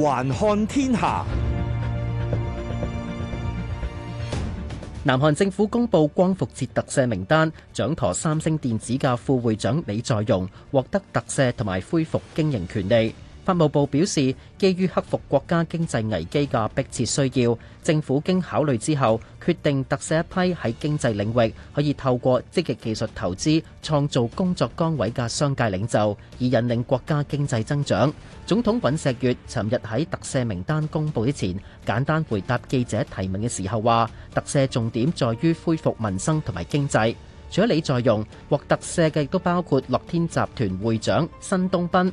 環看天下。南韓政府公布光復節特赦名單，掌舵三星電子嘅副會長李在鎔獲得特赦同埋恢復經營權利。法務部表示，基於克服國家經濟危機嘅迫切需要，政府經考慮之後，決定特赦一批喺經濟領域可以透過積極技術投資創造工作崗位嘅商界領袖，以引領國家經濟增長。總統尹錫悅尋日喺特赦名單公布之前，簡單回答記者提問嘅時候話，特赦重點在於恢復民生同埋經濟。除咗李在鎔，獲特赦嘅亦都包括樂天集團會長申東斌。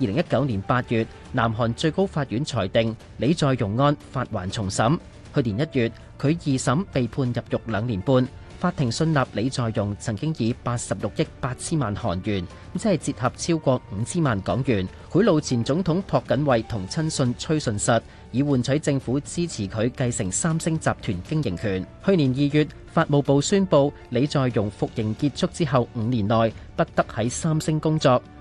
二零一九年八月，南韓最高法院裁定李在鎔案發還重審。去年一月，佢二審被判入獄兩年半。法庭信納李在鎔曾經以八十六億八千萬韓元，即係折合超過五千萬港元，賄賂前總統朴槿惠同親信崔順實，以換取政府支持佢繼承三星集團經營權。去年二月，法務部宣布李在鎔服刑結束之後五年內不得喺三星工作。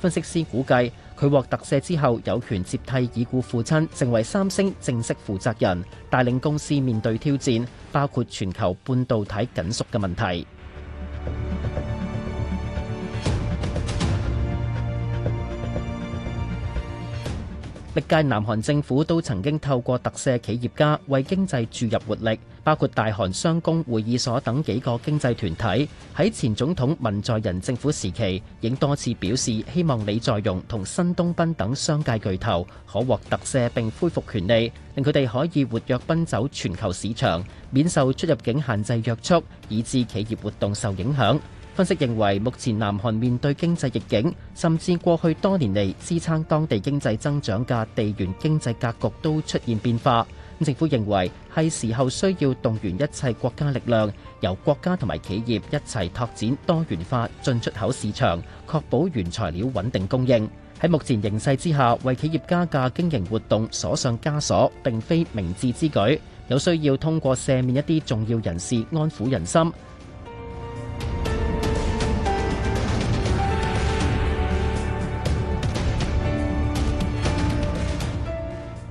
分析師估計，佢獲特赦之後，有權接替已故父親，成為三星正式負責人，帶領公司面對挑戰，包括全球半導體緊縮嘅問題。歷屆南韓政府都曾經透過特赦企業家為經濟注入活力，包括大韓商工會議所等幾個經濟團體。喺前總統文在寅政府時期亦多次表示希望李在鎔同申東斌等商界巨頭可獲特赦，並恢復權利，令佢哋可以活躍奔走全球市場，免受出入境限制約束，以至企業活動受影響。分析認為，目前南韓面對經濟逆境，甚至過去多年嚟支撐當地經濟增長嘅地緣經濟格局都出現變化。咁政府認為係時候需要動員一切國家力量，由國家同埋企業一齊拓展多元化進出口市場，確保原材料穩定供應。喺目前形勢之下，為企業家嘅經營活動鎖上枷鎖，並非明智之舉。有需要通過赦免一啲重要人士，安撫人心。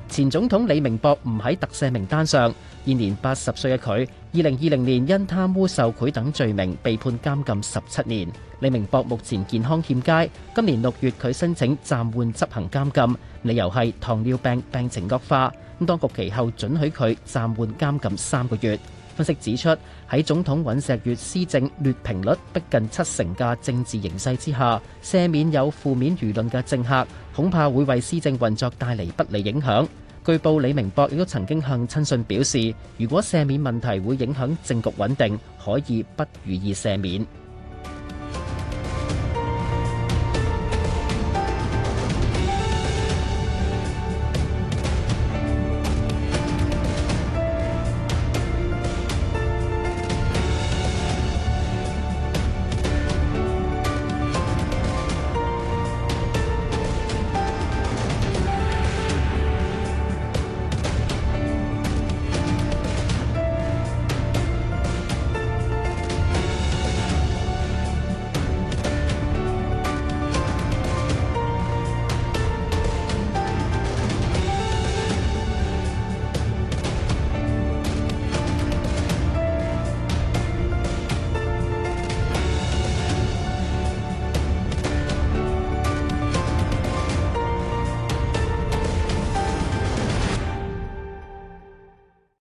前總統李明博唔喺特赦名單上，現年八十歲嘅佢，二零二零年因貪污受賄等罪名被判監禁十七年。李明博目前健康欠佳，今年六月佢申請暫緩執行監禁，理由係糖尿病病情惡化。咁當局其後准許佢暫緩監禁三個月。分析指出，喺總統尹錫悅施政劣評率逼近七成嘅政治形勢之下，赦免有負面輿論嘅政客，恐怕會為施政運作帶嚟不利影響。據報，李明博亦都曾經向親信表示，如果赦免問題會影響政局穩定，可以不予以赦免。